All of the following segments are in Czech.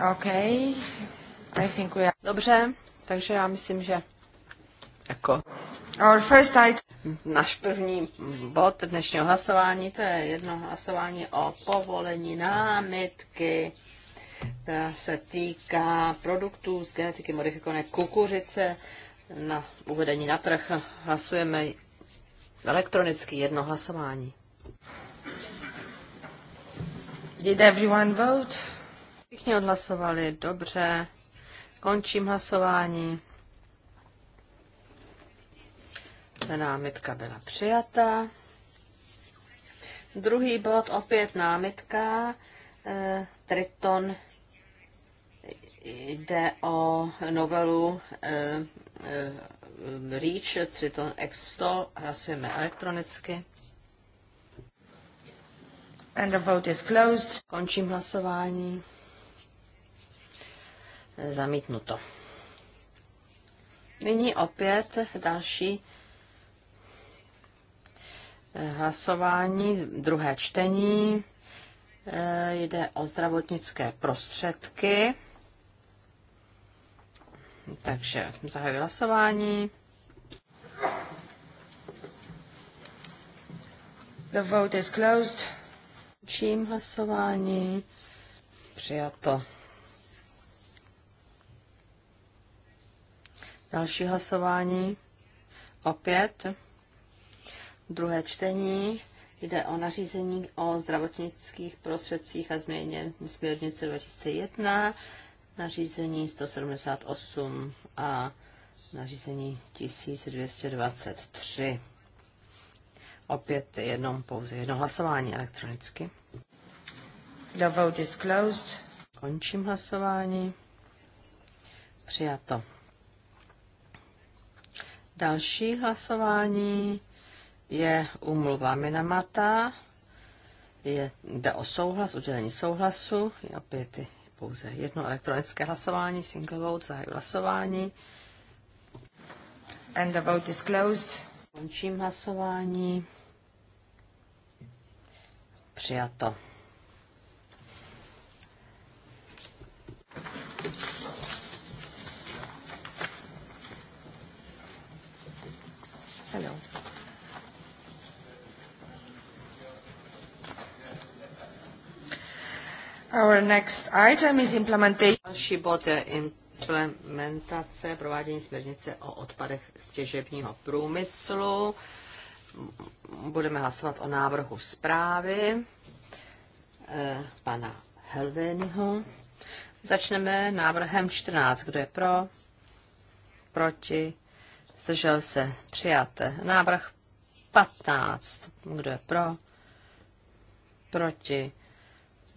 Okay. I think we are... Dobře, takže já myslím, že jako Our first item. náš první bod dnešního hlasování, to je jedno hlasování o povolení námitky, která se týká produktů z genetiky modifikované kukuřice na uvedení na trh. Hlasujeme elektronicky jedno hlasování. Did everyone vote? Všichni odhlasovali, dobře. Končím hlasování. Námitka byla přijata. Druhý bod, opět námitka. Eh, Triton jde o novelu eh, eh, REACH Triton X100. Hlasujeme elektronicky. And the vote is closed. Končím hlasování zamítnuto. Nyní opět další eh, hlasování, druhé čtení. Eh, jde o zdravotnické prostředky. Takže zahajuji hlasování. The vote is closed. Čím hlasování? Přijato. Další hlasování. Opět. Druhé čtení. Jde o nařízení o zdravotnických prostředcích a změně směrnice 2001, nařízení 178 a nařízení 1223. Opět jednou pouze jedno hlasování elektronicky. The vote is closed. Končím hlasování. Přijato. Další hlasování je umluva Minamata. Je, jde o souhlas, udělení souhlasu. Je opět pouze jedno elektronické hlasování, single vote, zahajuji hlasování. And the vote is closed. Končím hlasování. Přijato. Our next item is implementation. Další bod je implementace provádění směrnice o odpadech z těžebního průmyslu. Budeme hlasovat o návrhu zprávy eh, pana Helvényho. Začneme návrhem 14. Kdo je pro? Proti? Zdržel se? Přijat. Návrh 15. Kdo je pro? Proti?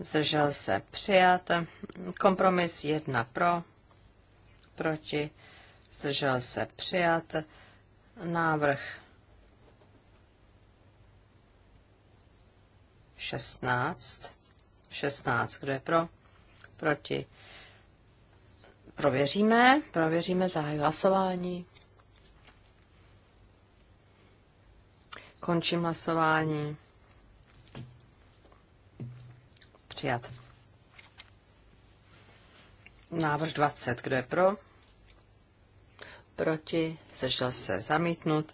zdržel se přijat. Kompromis 1 pro, proti, zdržel se přijat. Návrh 16. 16, kdo je pro, proti. Prověříme, prověříme zahájí hlasování. Končím hlasování. přijat. Návrh 20. Kdo je pro? Proti. Zdržel se zamítnut.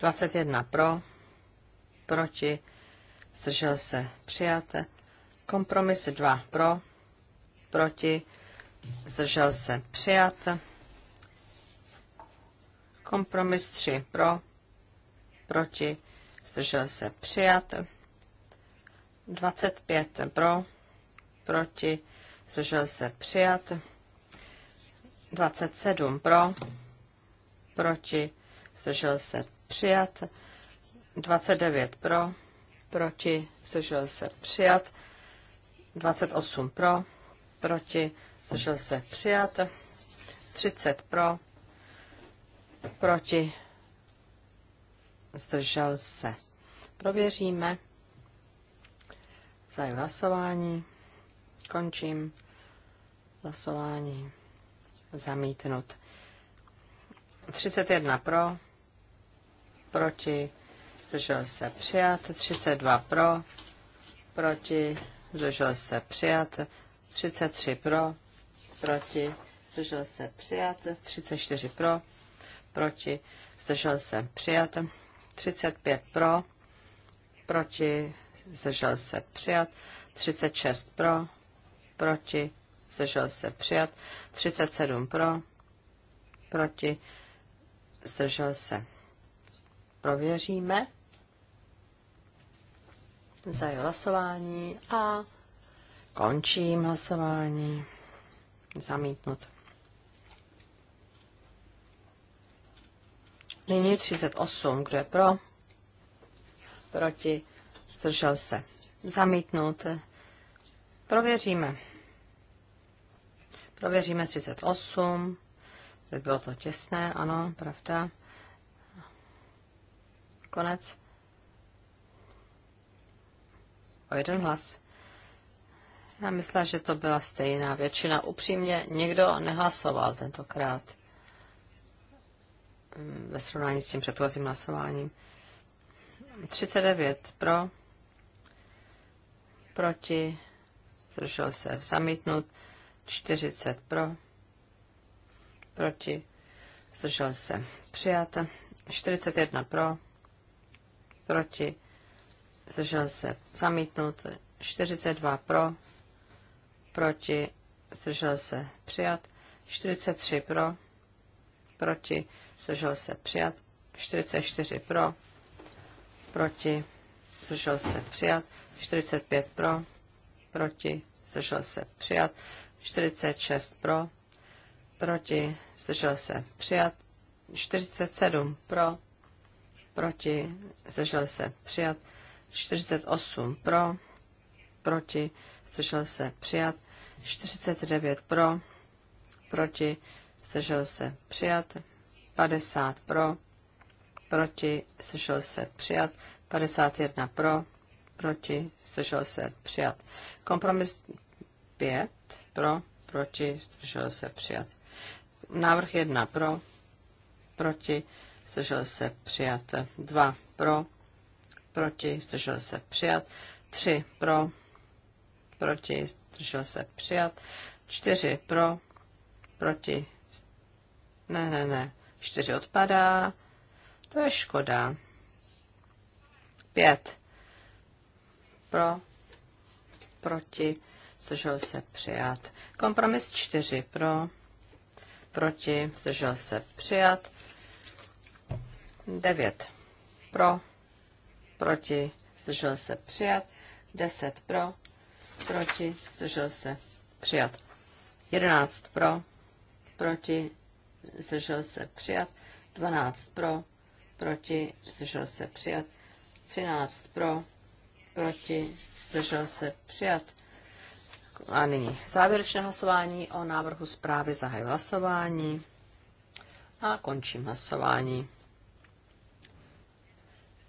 21 pro. Proti. Zdržel se přijat. Kompromis 2 pro. Proti. Zdržel se přijat. Kompromis 3 pro. Proti. Zdržel se přijat. 25 pro proti, zdržel se přijat. 27 pro, proti, zdržel se přijat. 29 pro, proti, zdržel se přijat. 28 pro, proti, zdržel se přijat. 30 pro, proti, zdržel se. Prověříme. Zajímavé hlasování. Končím hlasování. Zamítnut. 31 pro, proti, zdržel se přijat. 32 pro, proti, zdržel se přijat. 33 pro, proti, zdržel se přijat. 34 pro, proti, zdržel se přijat. 35 pro, proti, zdržel se přijat. 36 pro, proti, zdržel se přijat, 37 pro, proti, zdržel se. Prověříme. Zajel hlasování a končím hlasování. Zamítnut. Nyní 38. Kdo je pro? Proti. Zdržel se. Zamítnout. Prověříme. Prověříme 38. Teď bylo to těsné, ano, pravda. Konec. O jeden hlas. Já myslela, že to byla stejná většina. Upřímně někdo nehlasoval tentokrát mm, ve srovnání s tím předchozím hlasováním. 39 pro, proti, zdržel se zamítnut. 40 pro, proti, zdržel se přijat, 41 pro, proti, zdržel se zamítnut, 42 pro, proti, zdržel se přijat, 43 pro, proti, zdržel se přijat, 44 pro, proti, zdržel se přijat, 45 pro, proti, zdržel se přijat, 46 pro, proti, zdržel se přijat, 47 pro, proti, zdržel se přijat, 48 pro, proti, zdržel se přijat, 49 pro, proti, zdržel se přijat, 50 pro, proti, zdržel se přijat, 51 pro, proti, zdržel se přijat. Kompromis 5 pro, proti, zdržel se přijat. Návrh 1 pro, proti, zdržel se přijat. 2 pro, proti, zdržel se přijat. 3 pro, proti, zdržel se přijat. 4 pro, proti, ne, ne, ne, 4 odpadá, to je škoda. 5 pro, proti, zdržel se přijat. Kompromis 4 pro, proti, zdržel se přijat. 9 pro, proti, zdržel se přijat. 10 pro, proti, zdržel se přijat. 11 pro, proti, zdržel se přijat. 12 pro, proti, zdržel se přijat. 13 pro, proti, zdržel se přijat. A nyní závěrečné hlasování o návrhu zprávy zahaj hlasování a končím hlasování.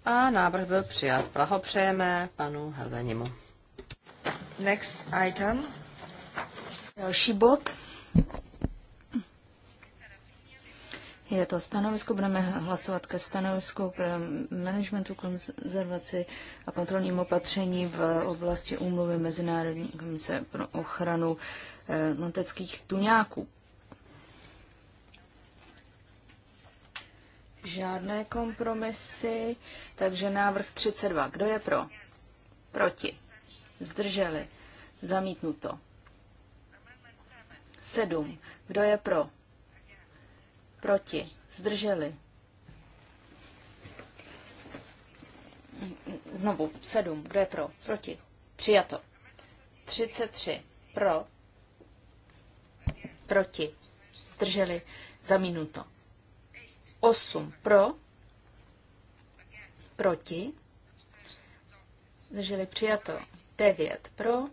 A návrh byl přijat. Blahopřejeme panu Helvenimu. Next item. Další bod. Je to stanovisko, budeme hlasovat ke stanovisku k eh, managementu konzervaci a kontrolním opatření v oblasti úmluvy Mezinárodní komise pro ochranu eh, leteckých tuňáků. Žádné kompromisy, takže návrh 32. Kdo je pro? Proti. Zdrželi. Zamítnuto. 7. Kdo je pro? proti, zdrželi. Znovu, sedm, kdo je pro, proti, přijato. 33, pro, proti, zdrželi, zamínuto. 8, pro, proti, zdrželi, přijato. 9, pro,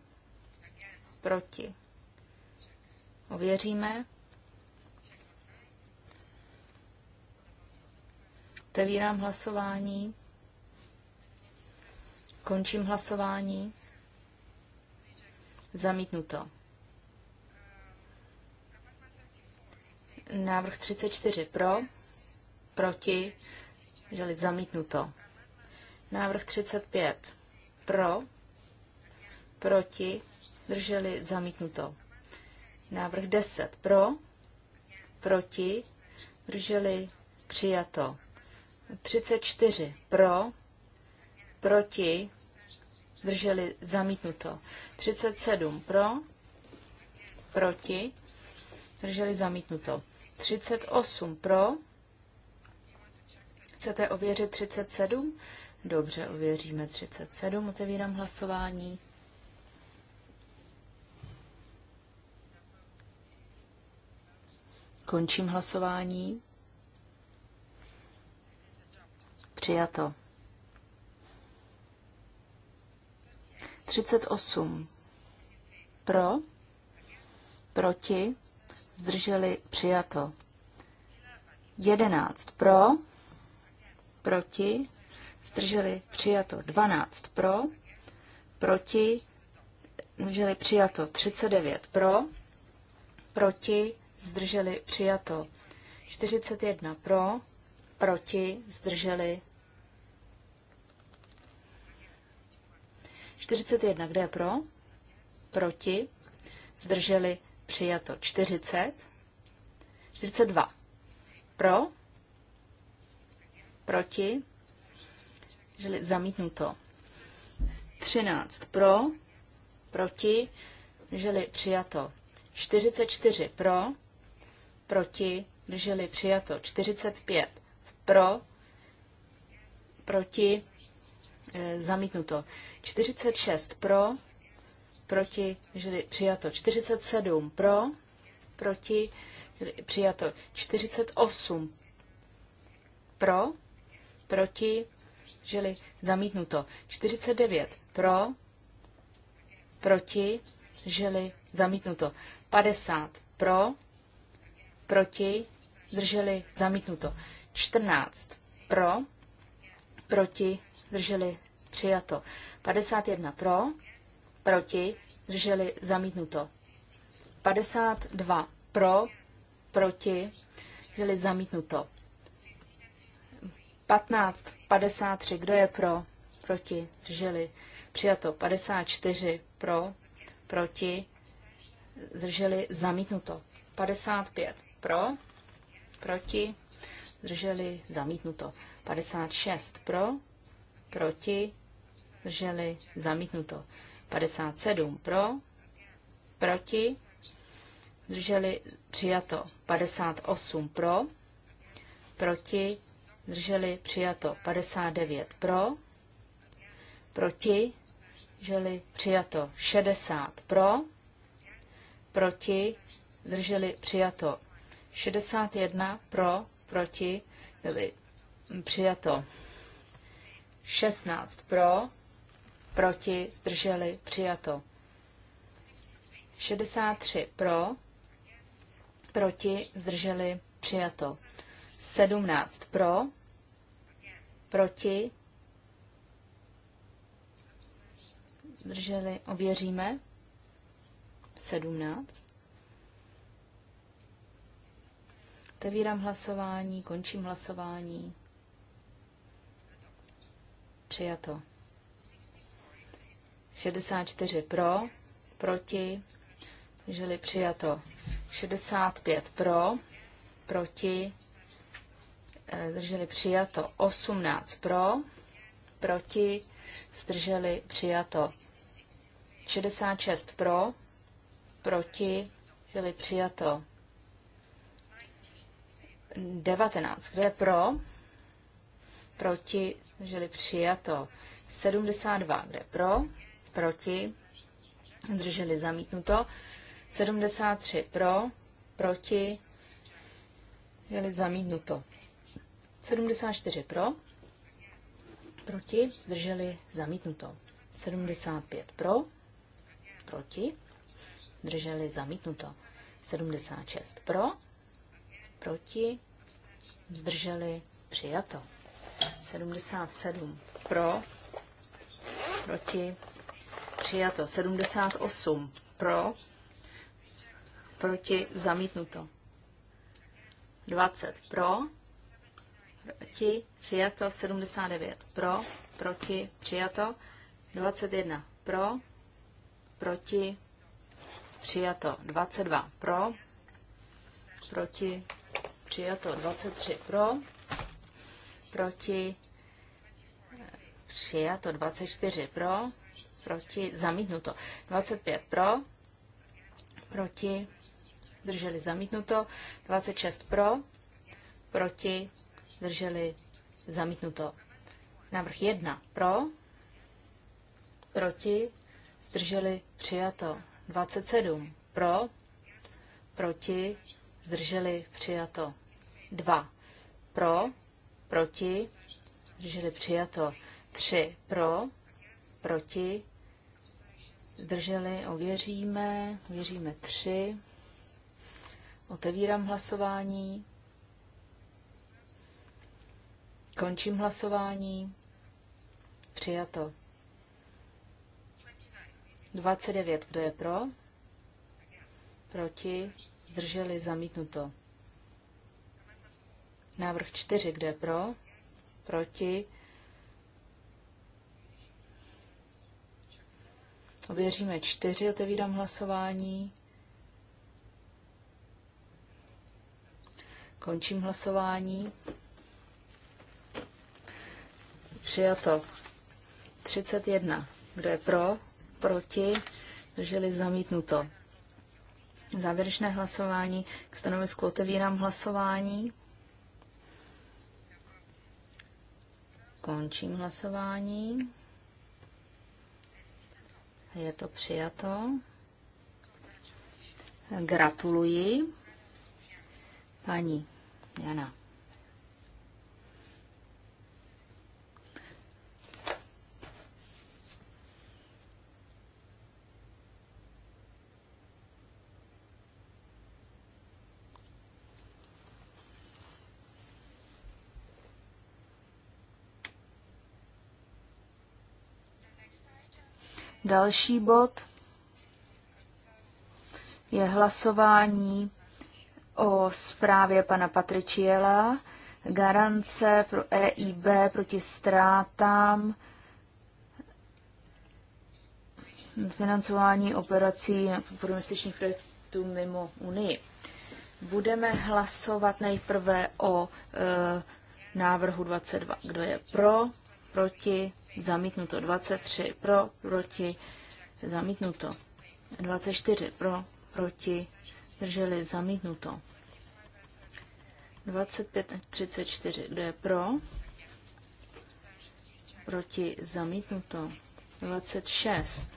proti. Ověříme. Otevírám hlasování. Končím hlasování. Zamítnuto. Návrh 34 pro, proti, želi zamítnuto. Návrh 35 pro, proti, drželi zamítnuto. Návrh 10 pro, proti, drželi přijato. 34 pro, proti, drželi zamítnuto. 37 pro, proti, drželi zamítnuto. 38 pro, chcete ověřit 37? Dobře, ověříme 37, otevírám hlasování. Končím hlasování. Přijato. 38. Pro, proti, zdrželi, přijato. 11. Pro, proti, zdrželi, přijato. 12. Pro, proti, zdrželi, přijato. 39. Pro, proti, zdrželi, přijato. 41. Pro, proti, zdrželi, 41, kde je pro? Proti? Zdrželi? Přijato 40. 42. Pro? Proti? Zdrželi? Zamítnuto. 13. Pro? Proti? Zdrželi? Přijato. 44. Pro? Proti? Zdrželi? Přijato. 45. Pro? Proti? Eh, zamítnuto. 46 pro, proti, žili přijato. 47 pro, proti, žili přijato. 48 pro, proti, žili zamítnuto. 49 pro, proti, žili zamítnuto. 50 pro, proti, drželi zamítnuto. 14 pro, proti, zdrželi přijato. 51 pro, proti, zdrželi zamítnuto. 52 pro, proti, zdrželi zamítnuto. 15, 53, kdo je pro, proti, zdrželi přijato. 54 pro, proti, zdrželi zamítnuto. 55 pro, proti, zdrželi zamítnuto. 56 pro, proti, zdrželi, zamítnuto. 57 pro, proti, zdrželi, přijato. 58 pro, proti, zdrželi, přijato. 59 pro, proti, zdrželi, přijato. 60 pro, proti, zdrželi, přijato. 61 pro, proti, zdrželi, přijato. 16 pro, proti, zdrželi, přijato. 63 pro, proti, zdrželi, přijato. 17 pro, proti, zdrželi, ověříme. 17. Otevírám hlasování, končím hlasování přijato. 64 pro, proti, žili přijato. 65 pro, proti, zdrželi přijato. 18 eh, pro, proti, zdrželi přijato. 66 pro, proti, žili přijato 19. Kde je pro? proti, drželi přijato. 72 jde pro, proti, drželi zamítnuto. 73 pro, proti, drželi zamítnuto. 74 pro, proti, zdrželi zamítnuto. 75 pro, proti, zdrželi zamítnuto. 76 pro, proti, zdrželi přijato. 77 pro, proti, přijato. 78 pro, proti, zamítnuto. 20 pro, proti, přijato. 79 pro, proti, přijato. 21 pro, proti, přijato. 22 pro, proti, přijato. 23 pro, proti, přijato 24 pro, proti, zamítnuto 25 pro, proti, drželi zamítnuto 26 pro, proti, drželi zamítnuto. Návrh 1 pro, proti, zdrželi přijato 27 pro, proti, zdrželi přijato 2 pro, proti, zdrželi přijato. tři pro, proti, zdrželi, ověříme, ověříme tři Otevírám hlasování. Končím hlasování. Přijato. 29. Kdo je pro? Proti? Zdrželi zamítnuto. Návrh 4, kde pro, proti. Ověříme 4, otevírám hlasování. Končím hlasování. Přijato 31. Kdo je pro? Proti? Drželi zamítnuto. Závěrečné hlasování. K stanovisku otevírám hlasování. Končím hlasování. Je to přijato. Gratuluji paní Jana. Další bod je hlasování o zprávě pana Patriciela, garance pro EIB proti ztrátám financování operací podporu investičních projektů mimo Unii. Budeme hlasovat nejprve o e, návrhu 22. Kdo je pro, proti, zamítnuto. 23 pro, proti, zamítnuto. 24 pro, proti, drželi, zamítnuto. 25 34, kdo je pro, proti, zamítnuto. 26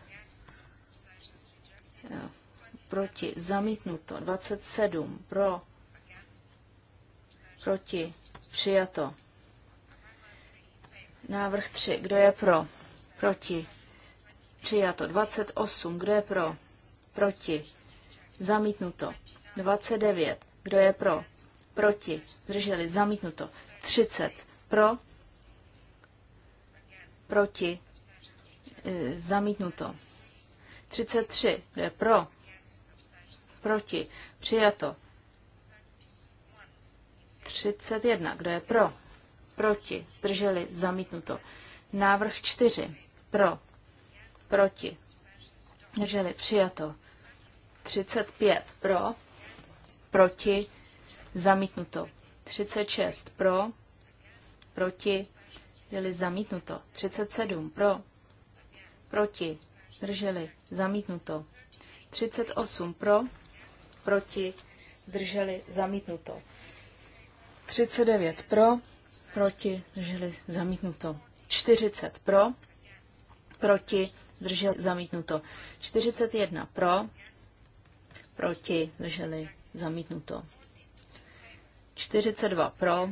proti, zamítnuto. 27 pro, proti, přijato. Návrh 3. Kdo je pro? Proti. Přijato. 28. Kdo je pro? Proti. Zamítnuto. 29. Kdo je pro? Proti. Zdrželi. Zamítnuto. 30. Pro? Proti. E, zamítnuto. 33. Kdo je pro? Proti. Přijato. 31. Kdo je pro? proti, zdrželi, zamítnuto. Návrh čtyři pro, proti, zdrželi, přijato. 35, pro, proti, zamítnuto. 36, pro, proti, zdrželi, zamítnuto. 37, pro, proti, zdrželi, zamítnuto. 38, pro, proti, zdrželi, zamítnuto. 39 pro, proti, drželi zamítnuto. 40 pro, proti, drželi zamítnuto. 41 pro, proti, drželi zamítnuto. 42 pro,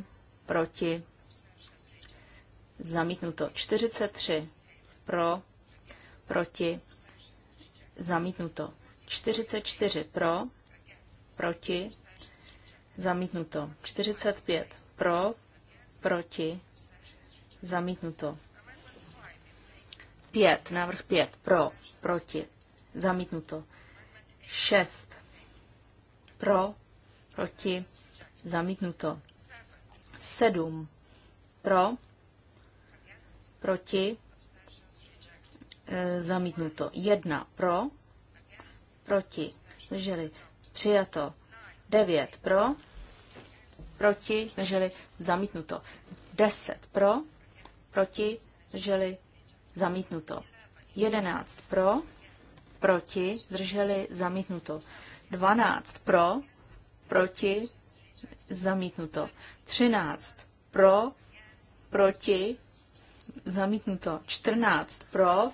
proti, zamítnuto. 43 pro, proti, zamítnuto. 44 pro, proti, zamítnuto. 45 pro, proti, zamítnuto. Pět, návrh pět, pro, proti, zamítnuto. Šest, pro, proti, zamítnuto. Sedm, pro, proti, e, zamítnuto. Jedna, pro, proti, drželi, přijato. Devět, pro, proti, drželi, zamítnuto. 10 pro, proti, zdrželi, zamítnuto. 11 pro, proti, zdrželi, zamítnuto. 12 pro, proti, zamítnuto. 13 pro, proti, zamítnuto. 14 pro,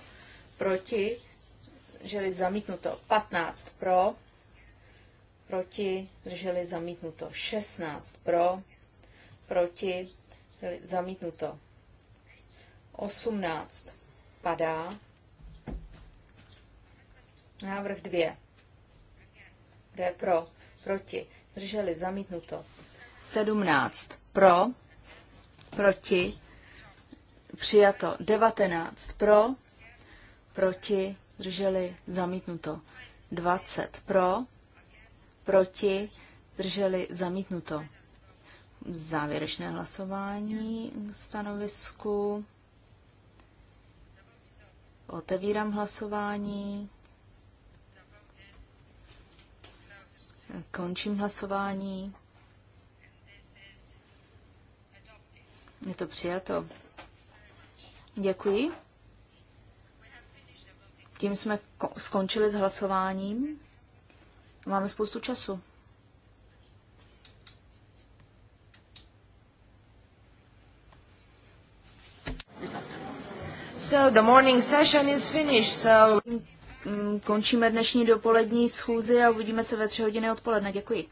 proti, drželi zamítnuto. 15 pro, proti, drželi zamítnuto. 16 pro, proti, zamítnuto. 18 padá. Návrh 2. Kdo je pro? Proti. Drželi, zamítnuto. 17. Pro. Proti. Přijato. 19. Pro. Proti. Drželi, zamítnuto. 20. Pro. Proti. Drželi, zamítnuto závěrečné hlasování k stanovisku. Otevírám hlasování. Končím hlasování. Je to přijato. Děkuji. Tím jsme skončili s hlasováním. Máme spoustu času. So the morning session is finished, so... Mm, končíme dnešní dopolední schůzi a uvidíme se ve tři hodiny odpoledne. Děkuji.